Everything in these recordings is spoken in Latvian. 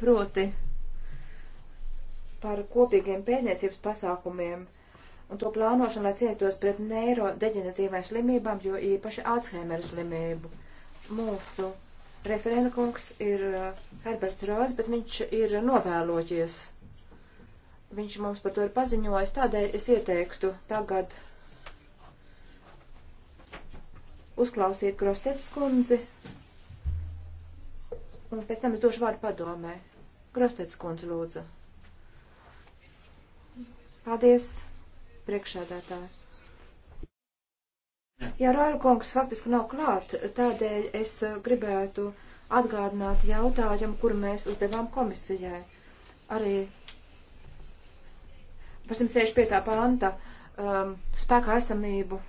proti par kopīgiem pētniecības pasākumiem un to plānošanu, lai cienītos pret neirodeģenatīvai slimībām, jo īpaši Alzheimer slimību. Mūsu referenkungs ir uh, Herberts Rose, bet viņš ir novēloties. Viņš mums par to ir paziņojis, tādēļ es ieteiktu tagad uzklausīt Krostets kundzi, un pēc tam es došu vārdu padomē. Grostets kundze lūdzu. Paldies, priekšsēdētāji. Jā, Rāļkungs faktiski nav klāt, tādēļ es eh, gribētu atgādināt jautājumu, kuru mēs uzdevām komisijai. Arī par 165. panta um, ehm, spēkā esamību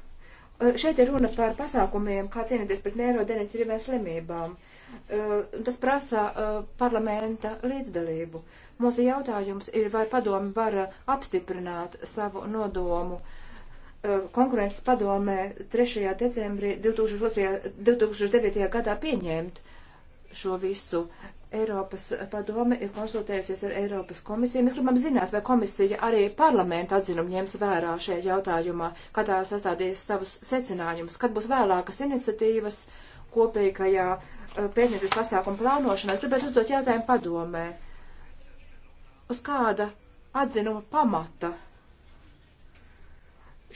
Eh, šeit ir runa par pasākumiem, kā cīnīties pret neirodenetīviem slimībām. Eh, tas prasa eh, parlamenta līdzdalību. Mūsu jautājums ir, vai padomi var apstiprināt savu nodomu konkurences padomē 3. decembrī 2002, 2009. gadā pieņemt šo visu. Eiropas padome ir konsultējusies ar Eiropas komisiju. Mēs gribam zināt, vai komisija arī parlamenta atzinumu ņems vērā šajā jautājumā, kad tā sastādīs savus secinājumus, kad būs vēlākas iniciatīvas kopīgajā eh, pētniecības pasākuma plānošanā. Es gribētu uzdot jautājumu padomē. Uz kāda atzinuma pamata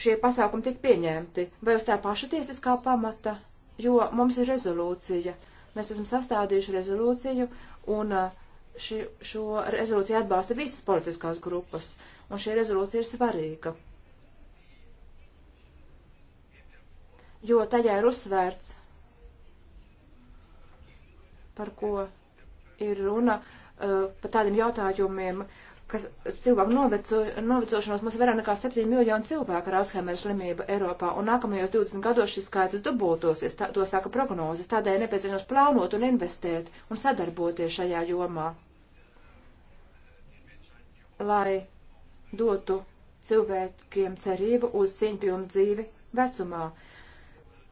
šie pasākumi tika pieņemti? Vai uz tā paša tiesiskā pamata? Jo mums ir rezolūcija Mēs esam sastādījuši rezolūciju, un uh, ši, šo rezolūciju atbalsta visas politiskās grupas, un šī rezolūcija ir svarīga. Jo tajā ir uzsvērts, par ko ir runa, uh, par tādiem jautājumiem, uh, kas cilvēku noveco, novecošanos mums vairāk nekā 7 miljonu cilvēku ar Alzheimer slimību Eiropā, un nākamajos 20 gados šis skaitlis dubultosies, tā, to saka prognozes, tādēļ nepieciešams plānot un investēt un sadarboties šajā jomā, lai dotu cilvēkiem cerību uz cieņpilnu dzīvi vecumā.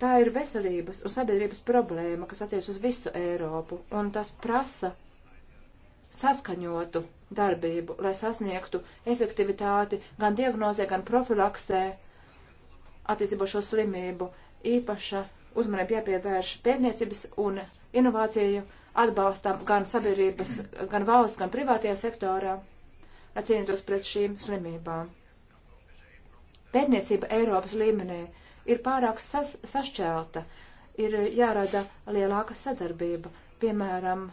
Tā ir veselības un sabiedrības problēma, kas attiec uz visu Eiropu, un tas prasa saskaņotu darbību, lai sasniegtu efektivitāti gan diagnozē, gan profilaksē attiecībā šo slimību. Īpaša uzmanība jāpievērš pētniecības un inovāciju atbalstam gan sabiedrības, gan valsts, gan privātajā sektorā, lai cīnītos pret šīm slimībām. Pētniecība Eiropas līmenī ir pārāk sas, sašķelta, ir jārada lielāka sadarbība, piemēram,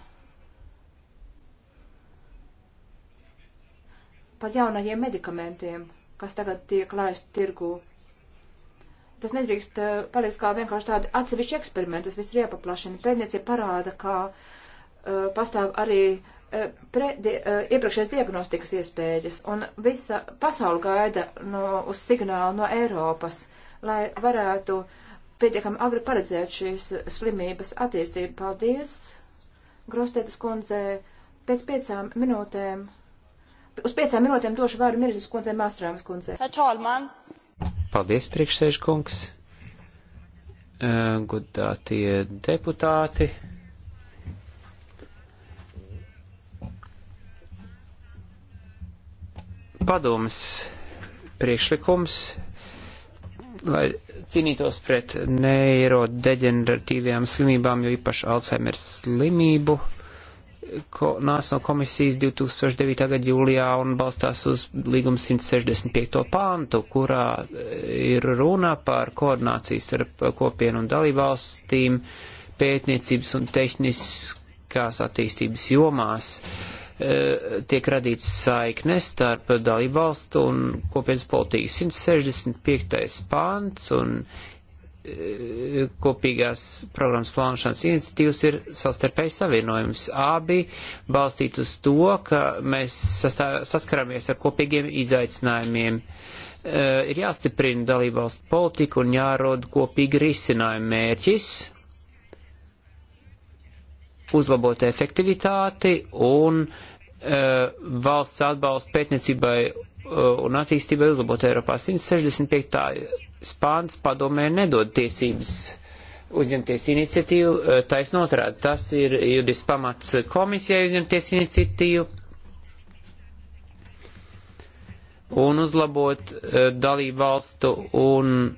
par jaunajiem medikamentiem, kas tagad tiek laisti tirgū. Tas nedrīkst eh, palikt kā vienkārši tādi atsevišķi eksperimenti, tas viss ir jāpaplašina. Pētniecība parāda, ka uh, pastāv arī uh, pre, di, uh, iepriekšējais diagnostikas iespējas, un visa pasauli gaida no, uz signālu no Eiropas, lai varētu pietiekami agri paredzēt šīs slimības attīstību. Paldies, Grostētas kundze, pēc piecām minūtēm uz piecām minūtēm došu vārdu Mirzes kundzei Māstrāmas kundzei. Paldies, priekšsēžkungs. Gudātie deputāti. Padomas priekšlikums, lai cīnītos pret neirodeģeneratīvajām slimībām, jo īpaši Alzheimer slimību ko nāca no komisijas 2009. gada jūlijā un balstās uz līguma 165. pāntu, kurā e, ir runa par koordinācijas ar kopienu un dalībvalstīm pētniecības un tehniskās attīstības jomās. E, tiek radīts saiknes starp dalībvalstu un kopienas politikas 165. pāns un E, kopīgās programmas plānošanas iniciatīvas ir sastarpēji savienojums. Abi balstīt uz to, ka mēs saskaramies ar kopīgiem izaicinājumiem. E, ir jāstiprina dalībvalstu politika un jārod kopīgi risinājumi mērķis, uzlabot efektivitāti un e, valsts atbalstu pētniecībai un attīstībai uzlabot Eiropā 165 pāns padomē nedod tiesības uzņemties iniciatīvu, eh, taisnotrādi tas ir judis pamats komisijai uzņemties iniciatīvu un uzlabot eh, dalību valstu un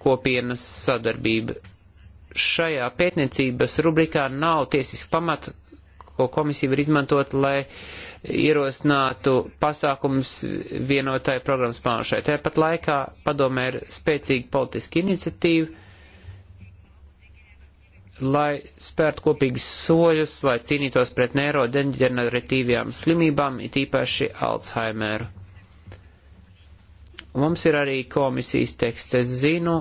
kopienas sadarbību. Šajā pētniecības rubrikā nav tiesiski pamata, ko komisija var izmantot, lai uh, ierosinātu pasākums vienotai programmas plānošai. Tāpat laikā padomē ir spēcīga politiska iniciatīva, lai spērtu kopīgas soļus, lai cīnītos pret neirodeģeneratīvajām slimībām, it īpaši Alzheimeru. Mums ir arī komisijas teksts. Es zinu,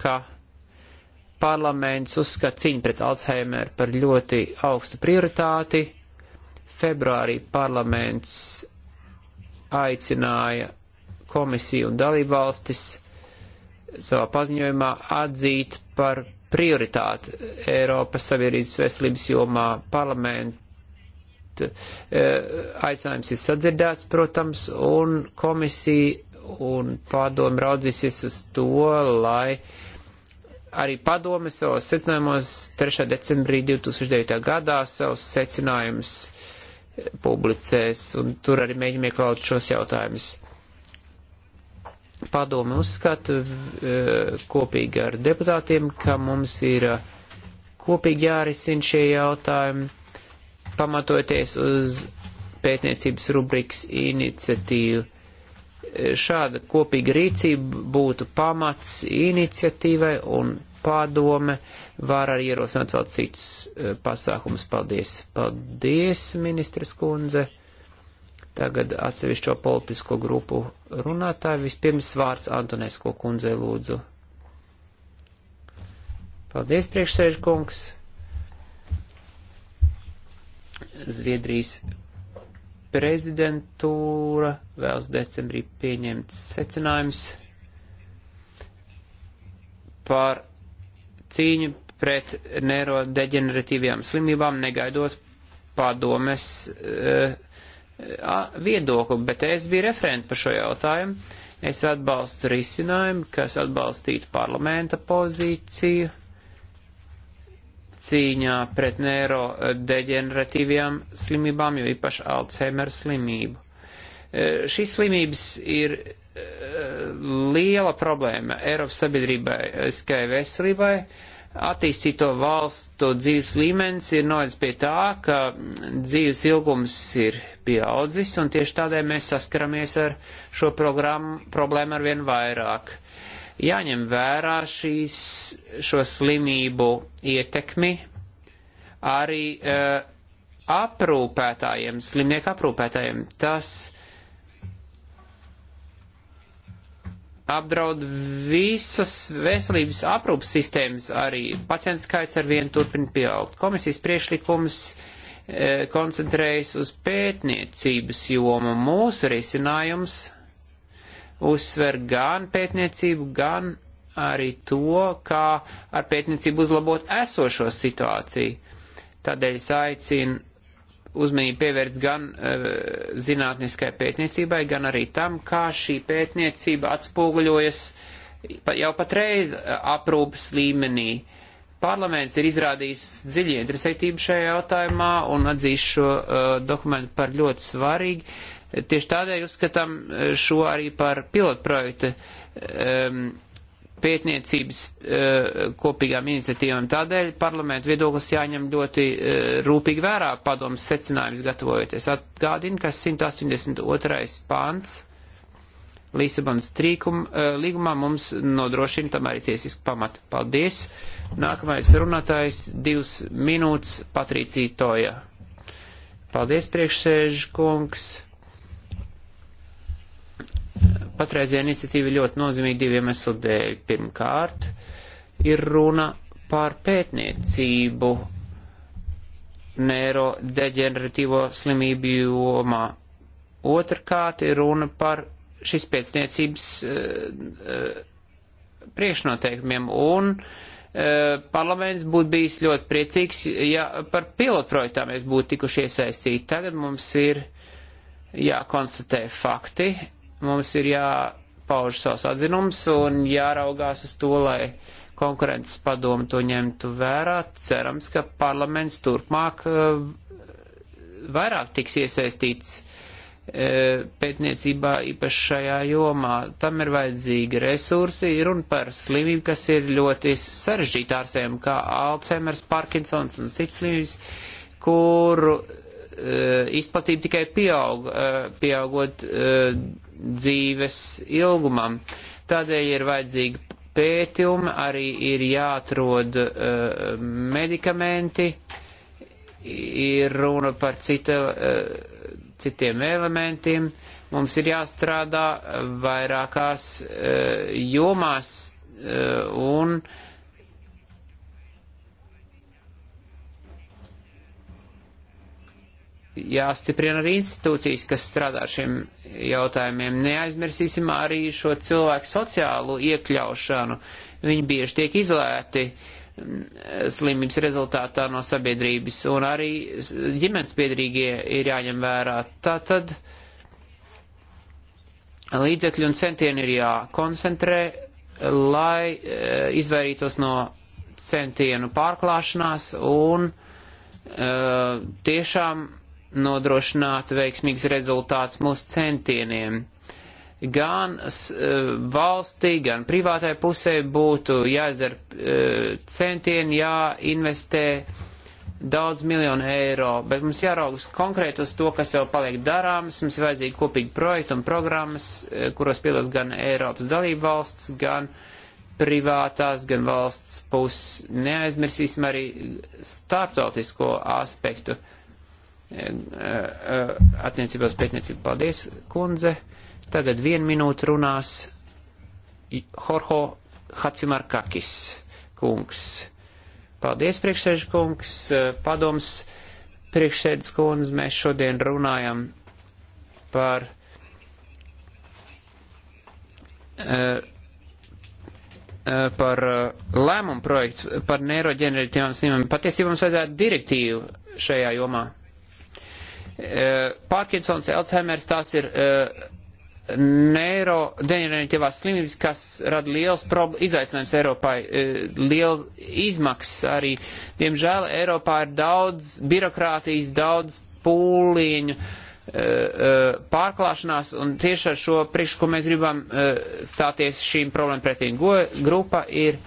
ka parlaments uzskata cīņu pret Alzheimeru par ļoti augstu prioritāti Februārī parlaments aicināja komisiju un dalībvalstis savā paziņojumā atzīt par prioritāti Eiropas Savienības veselības jomā parlamentu e, aicinājums ir sadzirdēts, protams, un komisija un padomi raudzīsies uz to, lai arī padomi savos secinājumos 3. decembrī 2009. gadā savus secinājumus uh, publicēs, un tur arī mēģinām iekļaut šos jautājumus. Padomi uzskata e, kopīgi ar deputātiem, ka mums ir e, kopīgi jārisina šie jautājumi, pamatoties uz pētniecības rubrikas iniciatīvu. E, šāda kopīga rīcība būtu pamats iniciatīvai un padome uh, var arī ierosināt vēl cits eh, pasākums. Paldies! Paldies, ministras kundze! Tagad atsevišķo politisko grupu runātāju. Vispirms vārds Antonesko kundzei lūdzu. Paldies, priekšsēžkungs! Zviedrijas prezidentūra vēlas decembrī pieņemt secinājums par cīņu pret neirodeģeneratīvajām slimībām, negaidot padomes uh, viedokli, bet es biju referenti par šo jautājumu. Es atbalstu risinājumu, kas atbalstītu parlamenta pozīciju cīņā pret neirodeģeneratīvajām slimībām, jo īpaši Alzheimer slimību. Uh, šīs slimības ir eh, liela problēma Eiropas sabiedrībai, skai veselībai, attīstīto valstu dzīves līmenis ir novedis pie tā, ka dzīves ilgums ir pieaudzis, un tieši tādēļ mēs saskaramies ar šo problēmu ar vien vairāk. Jāņem vērā šīs, šo slimību ietekmi arī uh, aprūpētājiem, slimnieku aprūpētājiem. Tas apdraud visas veselības aprūpas sistēmas, arī pacientu skaits ar vienu turpina pieaugt. Komisijas priešlikums e, koncentrējas uz pētniecības jomu. Mūsu risinājums uzsver gan pētniecību, gan arī to, kā ar pētniecību uzlabot esošo situāciju. Tādēļ es aicinu uzmanību pievērst gan uh, zinātniskai pētniecībai, gan arī tam, kā šī pētniecība atspoguļojas jau patreiz eh, aprūpas līmenī. Parlaments ir izrādījis dziļu interesētību šajā jautājumā un atzīst šo uh, dokumentu par ļoti svarīgu. Tieši tādēļ uzskatām šo arī par pilotprojektu um, pētniecības eh, kopīgām iniciatīvām. Tādēļ parlamentu viedoklis jāņem ļoti eh, rūpīgi vērā padomas secinājums gatavojoties. Atgādinu, ka 182. pāns Lisabonas eh, līgumā mums nodrošina tomēr tiesisku pamatu. Paldies! Nākamais runātājs divas minūtes Patricija Toja. Paldies, priekšsēžu kungs! Patreizējā iniciatīva ļoti nozīmīga diviem eslu dēļ. Pirmkārt, ir runa par pētniecību neirodeģeneratīvo slimību jomā. Otrkārt, ir runa par šīs pētniecības uh, uh, priekšnoteikumiem un uh, parlaments būtu bijis ļoti priecīgs, ja par pilotprojektā mēs būtu tikuši iesaistīti. Tagad mums ir jākonstatē fakti, Mums ir jāpauž savs atzinums un jāraugās uz to, lai konkurences padomu to ņemtu vērā. Cerams, ka parlaments turpmāk eh, vairāk tiks iesaistīts eh, pētniecībā īpaši šajā jomā. Tam ir vajadzīgi resursi, ir un par slimību, kas ir ļoti sarežģīta ārsējuma, kā Alzheimer's, Parkinsons un cits slimības, kuru Eh, izplatība tikai pieaug, eh, pieaugot eh, dzīves ilgumam. Tādēļ ir vajadzīgi pētījumi, arī ir jāatrod medikamenti, ir runa par cita, citiem elementiem. Mums ir jāstrādā vairākās jomās un uh, jāstiprina arī institūcijas, kas strādā ar šiem jautājumiem. Neaizmirsīsim arī šo cilvēku sociālo iekļaušanu. Viņi bieži tiek izlēti mm, slimības rezultātā no sabiedrības, un arī ģimenes piedrīgie ir jāņem vērā. Tātad līdzekļi un centieni ir jākoncentrē, lai eh, izvairītos no centienu pārklāšanās un uh, tiešām nodrošināt veiksmīgs rezultāts mūsu centieniem. Gan e, valstī, gan privātai pusē būtu jāizdara e, centieni, jāinvestē daudz miljonu eiro, bet mums jāraugas konkrēti uz to, kas jau paliek darāms, mums ir vajadzīgi kopīgi projekti un programmas, e, kuros piedalās gan Eiropas dalība valsts, gan uh, privātās, gan valsts puses. Neaizmirsīsim arī starptautisko aspektu attiecībās pētniecību. Paldies, kundze. Tagad vienu minūtu runās Horho Hacimarkakis kungs. Paldies, priekšsēžu kungs, padoms, priekšsēdus kundze. Mēs šodien runājam par par lēmumu projektu par neiroģeneratīvām slimībām. Patiesībā mums vajadzētu direktīvu šajā jomā. E, Parkinsons, Alzheimers, tās ir e, neirodeģeneratīvās slimības, kas rada liels izaicinājums Eiropai, e, liels izmaksas arī. Diemžēl Eiropā ir daudz birokrātijas, daudz pūliņu pārklāšanās, un tieši ar šo priekšlikumu mēs gribam stāties šīm problēmu pretī. Grupa ir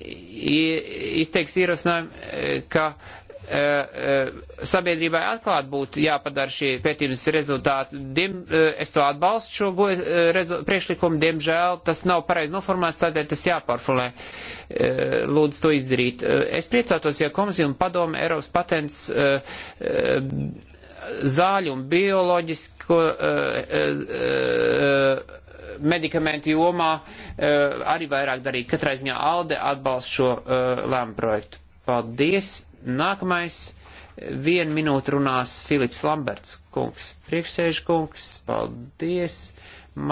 izteiks ierosinājumu, ka uh, Eh, eh, sabiedrībai atklāt būtu jāpadara šie pētījums rezultāti. Diem, eh, es to atbalstu šo go, rezu, priekšlikumu, diemžēl tas nav pareizi noformēts, tādēļ tas jāparfulē. Lūdzu to izdarīt. Es priecātos, ja komisija un padome Eiropas patents zāļu un bioloģisko medikamentu jomā arī vairāk darīt. Katrā ziņā Alde atbalsta šo lēmu projektu. Paldies! Nākamais vienu minūtu runās Filips Lamberts kungs. Priekšsēžu kungs, paldies!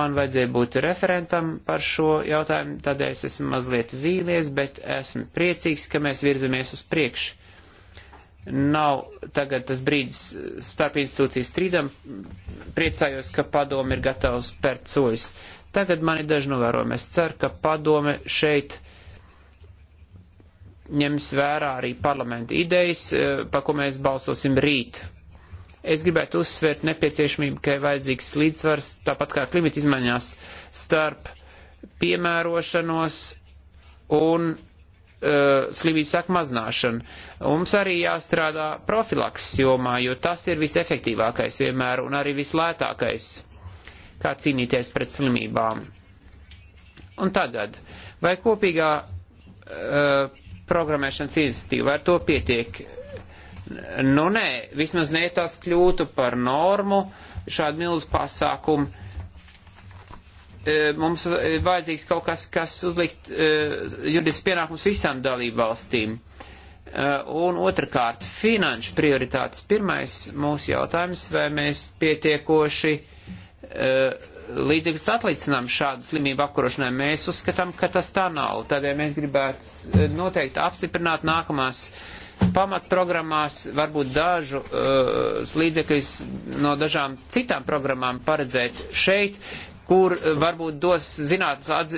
Man vajadzēja būt referentam par šo jautājumu, tādēļ es esmu mazliet vīlies, bet esmu priecīgs, ka mēs virzamies uz priekšu. Nav tagad tas brīdis starp institūcijas strīdam. Priecājos, ka padomi ir gatavs spērt soļus. Tagad man ir daži novērojumi. Es ceru, ka padome šeit uh, ņems vērā arī parlamenta idejas, e, pa ko mēs balsosim rīt. Es gribētu uzsvērt nepieciešamību, ka ir vajadzīgs līdzsvars, tāpat kā klimata izmaiņās, starp piemērošanos un uh, slimību saku mazināšanu. Mums arī jāstrādā profilakses jomā, jo tas ir visefektīvākais vienmēr un arī vislētākais, kā cīnīties pret slimībām. Un tagad, vai kopīgā uh, programmēšanas iniciatīva, ar to pietiek. Nu nē, vismaz ne tas kļūtu par normu šādu milzu pasākumu. E, mums vajadzīgs kaut kas, kas uzlikt e, juridisks pienākums visām dalību valstīm. E, un otrkārt, finanšu prioritātes. Pirmais mūsu jautājums, vai mēs pietiekoši uh, līdzīgas atlicinām šādu slimību apkarošanai, mēs uzskatām, ka tas tā nav. Tādēļ mēs gribētu eh, noteikti apstiprināt nākamās pamatprogrammās, varbūt dažu uh, līdzekļus no dažām citām programmām paredzēt šeit, kur eh, varbūt dos zinātnes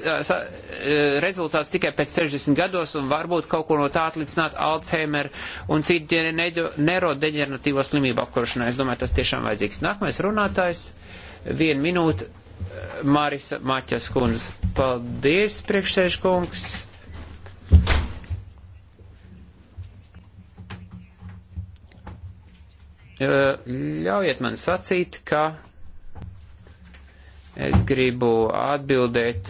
rezultāts tikai pēc 60 gados un varbūt kaut ko no tā atlicināt Alzheimer un citu neirodeģeneratīvo slimību apkarošanai. Es domāju, tas tiešām vajadzīgs. Nākamais runātājs. Uh, Vienu minūtu, Māris Maķas kundze. Paldies, priekšsēžkungs. Ļaujiet man sacīt, ka es gribu atbildēt,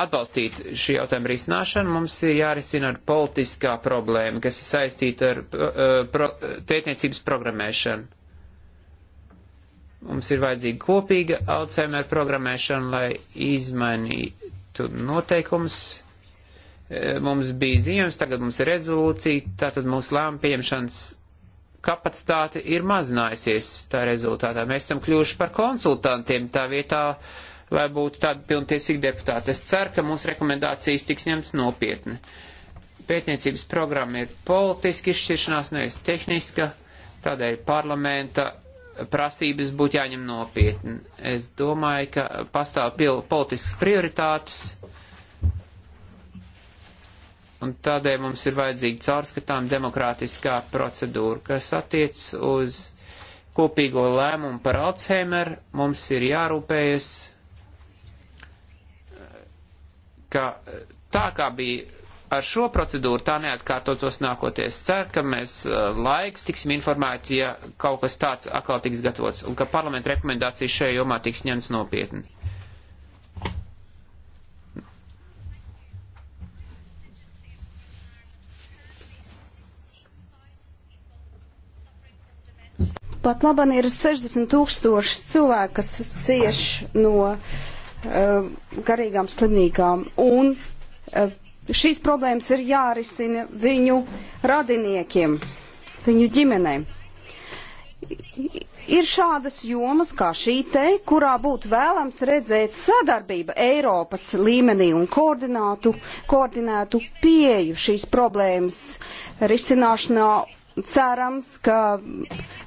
atbalstīt šī jautājuma risināšanu. Mums ir jārisina ar politiskā problēma, kas ir saistīta ar pro, tētniecības programmēšanu. Mums ir vajadzīga kopīga Alzheimer programmēšana, lai izmainītu noteikums. E, mums bija ziņojums, tagad mums ir rezolūcija, tātad mūsu lēma pieņemšanas kapacitāte ir mazinājusies tā rezultātā. Mēs esam kļuvuši par konsultantiem tā vietā, lai būtu tādi pilntiesīgi deputāti. Es ceru, ka mūsu rekomendācijas tiks ņemts nopietni. Pētniecības programma ir politiski izšķiršanās, nevis tehniska, tādēļ parlamenta prasības būtu jāņem nopietni. Es domāju, ka pastāv politiskas prioritātes, un tādēļ mums ir vajadzīga caurskatām demokrātiskā procedūra, kas attiec uz kopīgo lēmumu par Alzheimer. Mums ir jārūpējas, ka tā kā bija ar šo procedūru tā neatkārtotos nākoties. Ceru, ka mēs uh, laiks tiksim informēti, ja kaut kas tāds atkal tiks gatavots un ka parlamenta rekomendācijas šajā jomā tiks ņemts nopietni. Pat laban ir 60 tūkstoši cilvēku, kas cieš no uh, garīgām slimnīcām, un uh, šīs problēmas ir jārisina viņu radiniekiem, viņu ģimenēm. Ir šādas jomas kā šī te, kurā būtu vēlams redzēt sadarbību Eiropas līmenī un koordinātu, koordinētu pieju šīs problēmas risināšanā. Cerams, ka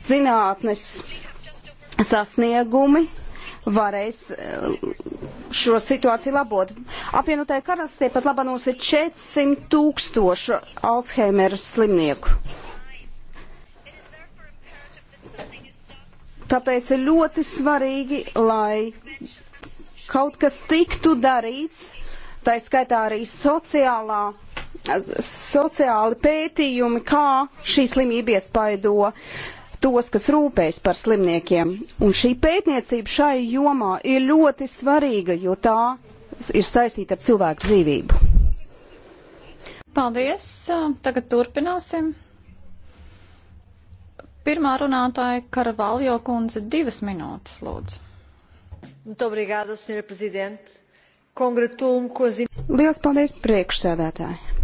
zinātnes sasniegumi varēs eh, šo situāciju labot. Apvienotāja karalistē pat labanos ir 400 tūkstošu Alzheimera slimnieku. Tāpēc ir ļoti svarīgi, lai kaut kas tiktu darīts, tā skaitā arī sociālā sociāli pētījumi, kā šī slimība iespaido tos, kas rūpējas par slimniekiem. Un šī pētniecība šai jomā ir ļoti svarīga, jo tā ir saistīta ar cilvēku dzīvību. Paldies! Tagad turpināsim. Pirmā runātāja Karvaljo kundze divas minūtes, lūdzu. Obrigada, Liels paldies priekšsēdētāji!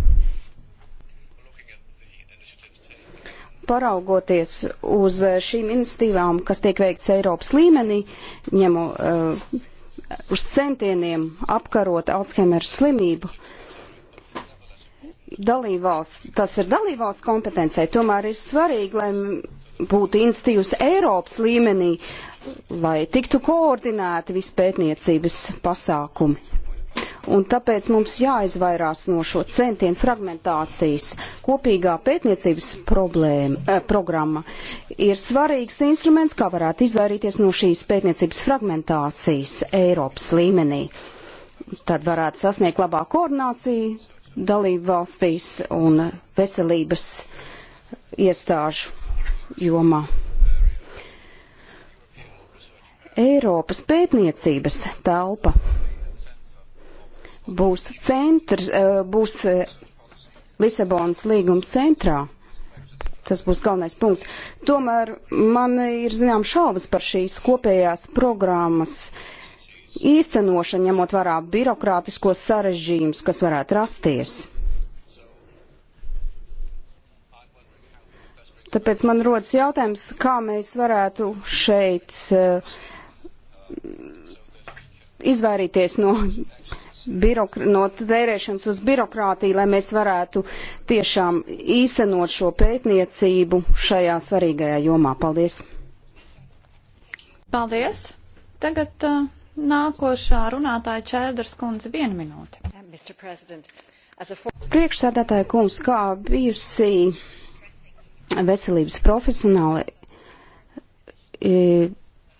paraugoties uz šīm institīvām, kas tiek veikts Eiropas līmenī, ņemu uh, uz centieniem apkarot Alzheimer slimību, dalībvalsts, tas ir dalībvalsts kompetencē, tomēr ir svarīgi, lai būtu institīvas Eiropas līmenī, lai tiktu koordinēti vispētniecības pasākumi. Un tāpēc mums jāizvairās no šo centienu fragmentācijas. Kopīgā pētniecības problēma, eh, programma ir svarīgs instruments, kā varētu izvairīties no šīs pētniecības fragmentācijas Eiropas līmenī. Tad varētu sasniegt labā koordināciju dalību valstīs un veselības iestāžu jomā. Eiropas pētniecības telpa būs centrs, eh, būs eh, Lisabonas līguma centrā. Tas būs galvenais punkts. Tomēr man ir zinām šaubas par šīs kopējās programmas īstenošanu, ņemot vērā birokrātiskos sarežģījumus, kas varētu rasties. Tāpēc man rodas jautājums, kā mēs varētu šeit eh, izvairīties no no tērēšanas uz birokrātiju, lai mēs varētu tiešām īstenot šo pētniecību šajā svarīgajā jomā. Paldies! Paldies! Tagad uh, nākošā runātāja Čēdras kundze vienu minūti. Priekšsēdētāja kungs, kā bijusi veselības profesionāli, e,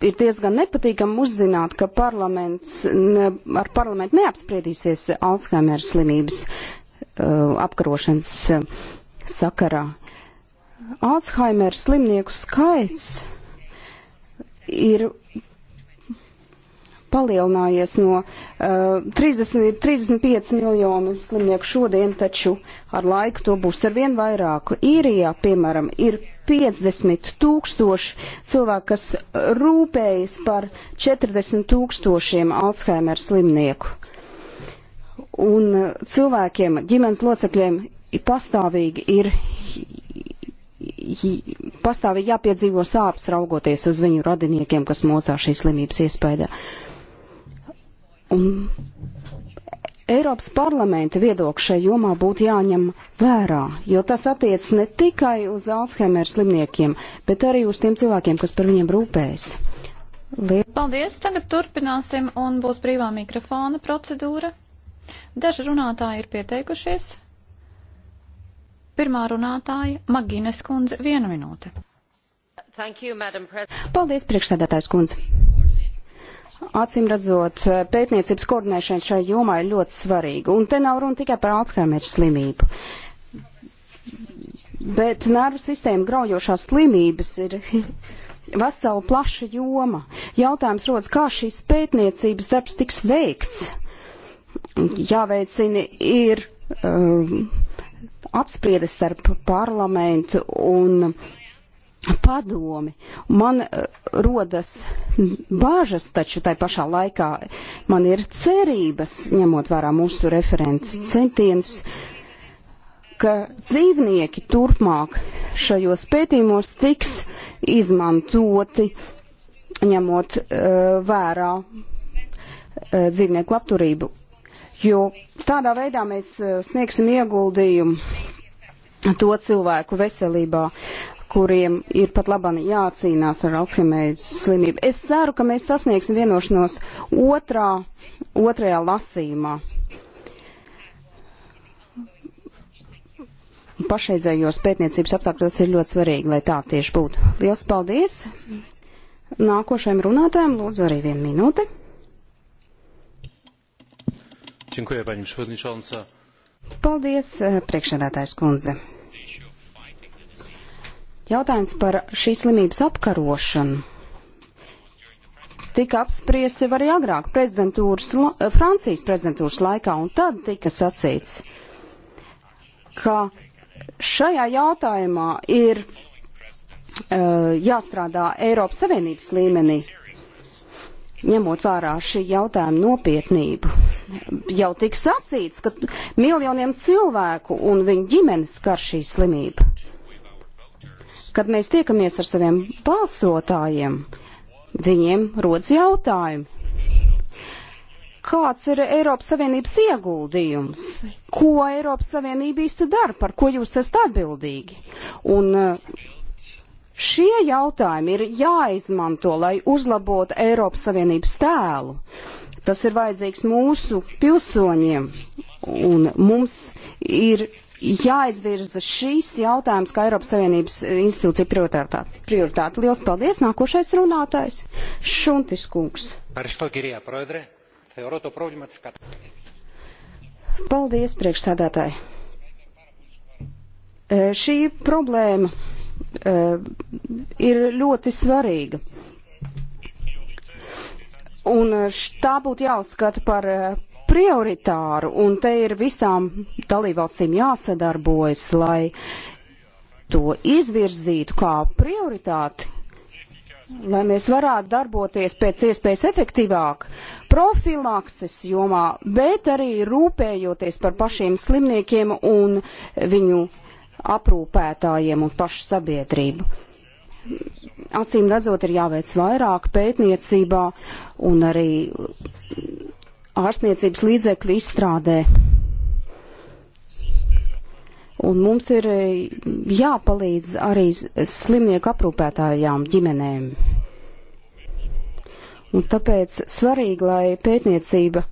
ir diezgan nepatīkami uzzināt, ka parlaments ne, ar parlamentu neapspriedīsies Alzheimer slimības uh, apkarošanas uh, sakarā. Alzheimer slimnieku skaits ir palielinājies no uh, 30, 35 miljonu slimnieku šodien, taču ar laiku to būs ar vien vairāk. Īrijā, piemēram, ir 50 tūkstoši cilvēku, kas rūpējas par 40 tūkstošiem Alzheimer slimnieku. Un eh, cilvēkiem, ģimenes locekļiem pastāvīgi ir pastāvīgi jāpiedzīvo sāpes raugoties uz viņu radiniekiem, kas mocā šīs slimības iespējā. Uh, Un Eiropas parlamenta viedokļu šai jomā būtu jāņem vērā, jo tas attiec ne tikai uz Alzheimer slimniekiem, bet arī uz tiem cilvēkiem, kas par viņiem rūpējas. Liet... Paldies, tagad turpināsim un būs brīvā mikrofona procedūra. Daži runātāji ir pieteikušies. Pirmā runātāja - Magīnes kundze, viena minūte. You, Paldies, priekšsēdētājs kundze. Acīm redzot, eh, pētniecības koordinēšana šai jomā ir ļoti svarīga. Un te nav runa tikai par Alzheimer slimību. Bet nervu sistēmu graujošās slimības ir vesela plaša joma. Jautājums rodas, kā šīs pētniecības darbs tiks veikts. Jāveicina ir um, eh, apspriedes starp parlamentu un padomi. Man eh, rodas bāžas, taču tai pašā laikā man ir cerības, ņemot vērā mūsu referentu centienus, ka dzīvnieki turpmāk šajos pētījumos tiks izmantoti, ņemot uh, vērā uh, dzīvnieku labturību. Jo tādā veidā mēs uh, sniegsim ieguldījumu to cilvēku veselībā, kuriem ir pat labani jācīnās ar Alzheimer's slimību. Es ceru, ka mēs sasniegsim vienošanos otrā, otrajā lasīmā. Pašreizējos pētniecības apstākļos ir ļoti svarīgi, lai tā tieši būtu. Liels paldies! Nākošajam runātājam lūdzu arī vienu minūti. Činkujā, paņem, Paldies, eh, priekšsēdētājs kundze. Jautājums par šīs slimības apkarošanu tika apspriesti arī agrāk prezidentūras, Francijas prezidentūras laikā, un tad tika sacīts, ka šajā jautājumā ir uh, jāstrādā Eiropas Savienības līmenī, ņemot vērā šī jautājuma nopietnību. Jau tika sacīts, ka miljoniem cilvēku un viņu ģimenes skar šī slimība kad mēs tiekamies ar saviem balsotājiem, viņiem rodas jautājumi. Kāds ir Eiropas Savienības ieguldījums? Ko Eiropas Savienība īsti dara? Par ko jūs esat atbildīgi? Un eh, šie jautājumi ir jāizmanto, lai uzlabotu Eiropas Savienības tēlu. Tas ir vajadzīgs mūsu pilsoņiem, Un mums ir jāizvirza šīs jautājums kā Eiropas Savienības institūcija prioritāte. prioritāte. Liels paldies! Nākošais runātājs - Šuntis kungs. Paldies, priekšsēdētāji! E, šī problēma e, ir ļoti svarīga. Un e, tā būtu jāuzskata par prioritāru, un te ir visām dalībvalstīm jāsadarbojas, lai to izvirzītu kā prioritāti, lai mēs varētu darboties pēc iespējas efektīvāk profilakses jomā, bet arī rūpējoties par pašiem slimniekiem un viņu aprūpētājiem un pašu sabiedrību. Acīm redzot, ir jāveic vairāk pētniecībā un arī ārstniecības līdzekļu izstrādē. Un mums ir e, jāpalīdz arī slimnieku aprūpētājām ģimenēm. Un tāpēc svarīgi, lai pētniecība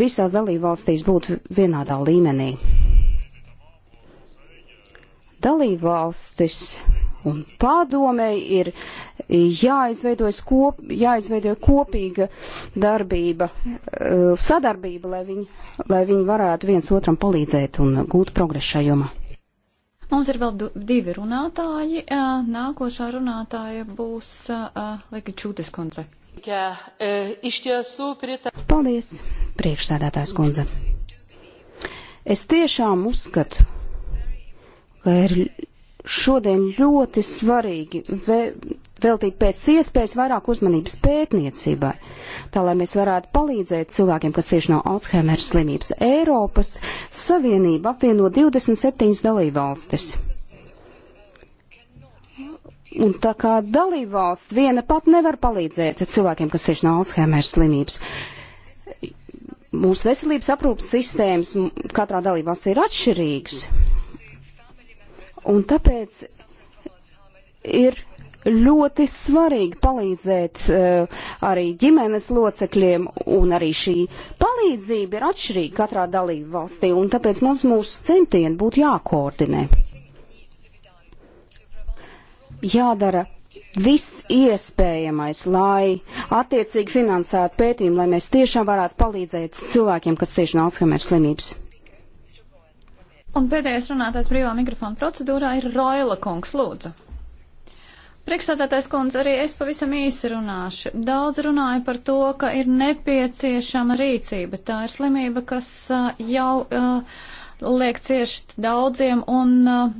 visās dalībvalstīs būtu vienādā līmenī. Dalībvalstis un padomei ir jāizveidojas kop, jāizveido kopīga darbība, eh, sadarbība, lai viņi, lai viņi varētu viens otram palīdzēt un gūt progresu šajomā. Mums ir vēl divi runātāji. Eh, nākošā runātāja būs eh, Lika Čūtis kundze. Paldies, priekšsēdētājs kundze. Es tiešām uzskatu, ka ir šodien ļoti svarīgi veltīt pēc iespējas vairāk uzmanības pētniecībai, tā lai mēs varētu palīdzēt cilvēkiem, kas cieši no Alzheimer slimības. Eiropas Savienība apvieno 27 dalībvalstis. Un tā kā dalībvalsts viena pat nevar palīdzēt cilvēkiem, kas cieši no Alzheimer slimības. Mūsu veselības aprūpas sistēmas katrā dalībvalstī ir atšķirīgas. Un tāpēc ir ļoti svarīgi palīdzēt uh, arī ģimenes locekļiem, un arī šī palīdzība ir atšķirīga katrā dalību valstī, un tāpēc mums mūsu centieni būtu jākoordinē. Jādara viss iespējamais, lai attiecīgi finansētu pētījumu, lai mēs tiešām varētu palīdzēt cilvēkiem, kas cieši no Alzheimer slimības. Un pēdējais runātais brīvā mikrofona procedūrā ir Roila kungs, lūdzu. Priekšstādātais kundze, arī es pavisam īsi runāšu. Daudz runāju par to, ka ir nepieciešama rīcība. Tā ir slimība, kas jau uh, liek ciešt daudziem un uh,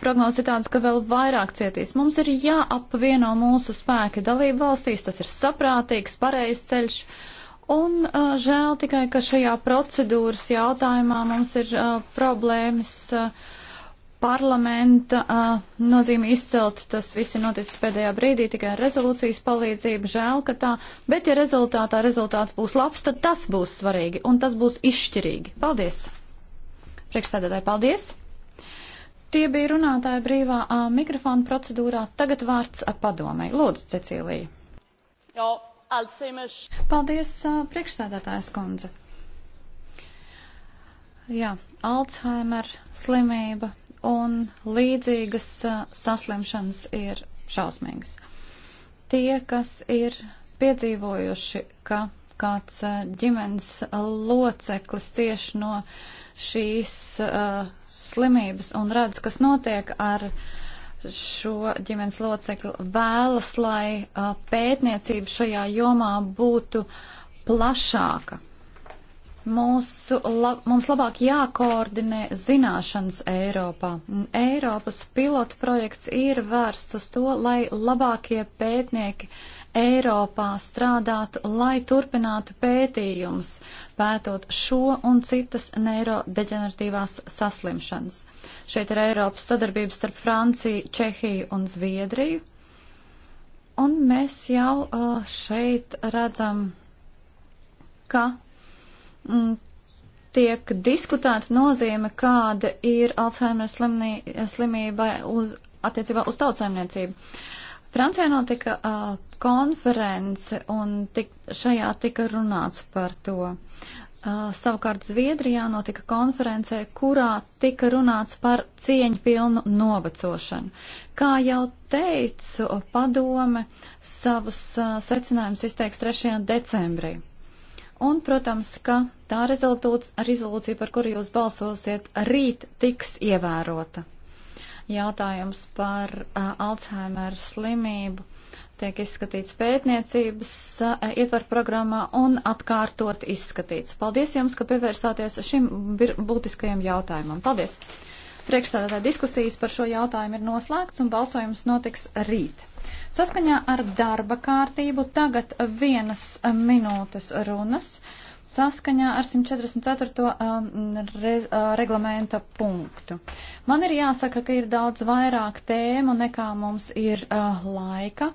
prognoze ir tāda, ka vēl vairāk cietīs. Mums ir jāapvieno mūsu spēki dalību valstīs, tas ir saprātīgs, pareizs ceļš. Uh, Un uh, žēl tikai, ka šajā procedūras jautājumā mums ir uh, problēmas uh, parlamenta uh, nozīme izcelt. Tas viss ir noticis pēdējā brīdī tikai ar rezolūcijas palīdzību. Žēl, ka tā. Bet ja rezultātā rezultāts būs labs, tad tas būs svarīgi un tas būs izšķirīgi. Paldies! Priekšstādātāji, paldies! Tie bija runātāji brīvā uh, mikrofona procedūrā. Tagad vārds uh, padomē. Lūdzu, Cecīlija. Jā. Alzheimer's. Paldies, priekšsēdētājs kundze. Jā, Alzheimer slimība un līdzīgas saslimšanas ir šausmīgas. Tie, kas ir piedzīvojuši, ka kāds ģimenes loceklis cieši no šīs uh, slimības un redz, kas notiek ar uh, šo ģimenes locekli vēlas, lai uh, pētniecība šajā jomā būtu plašāka. Mūsu, la, mums labāk jākoordinē zināšanas Eiropā. Eiropas pilota projekts ir vērsts uz to, lai labākie pētnieki Eiropā strādāt, lai turpinātu pētījumus, pētot šo un citas neirodeģeneratīvās saslimšanas. Šeit ir Eiropas sadarbības starp Franciju, Čehiju un Zviedriju. Un mēs jau uh, šeit redzam, ka mm, tiek diskutēta nozīme, kāda ir Alzheimer slimnī, slimība uz, attiecībā uz tautsēmniecību. Uh, Francijā notika uh, konference un tik, šajā tika runāts par to. Uh, savukārt Zviedrijā notika konferencē, kurā tika runāts par cieņu pilnu novecošanu. Kā jau teicu, padome savus uh, secinājumus izteiks 3. decembrī. Un, protams, ka tā rezolūcija, par kuru jūs balsosiet, rīt tiks ievērota jautājums par uh, Alzheimer slimību tiek izskatīts pētniecības uh, ietvaru programmā un atkārtot izskatīts. Paldies jums, ka pievērsāties šim būtiskajam jautājumam. Paldies! Priekšstādātā diskusijas par šo jautājumu ir noslēgts un balsojums notiks rīt. Saskaņā ar darba kārtību tagad vienas minūtes runas saskaņā ar 144. Um, re, uh, reglamenta punktu. Man ir jāsaka, ka ir daudz vairāk tēmu nekā mums ir uh, laika.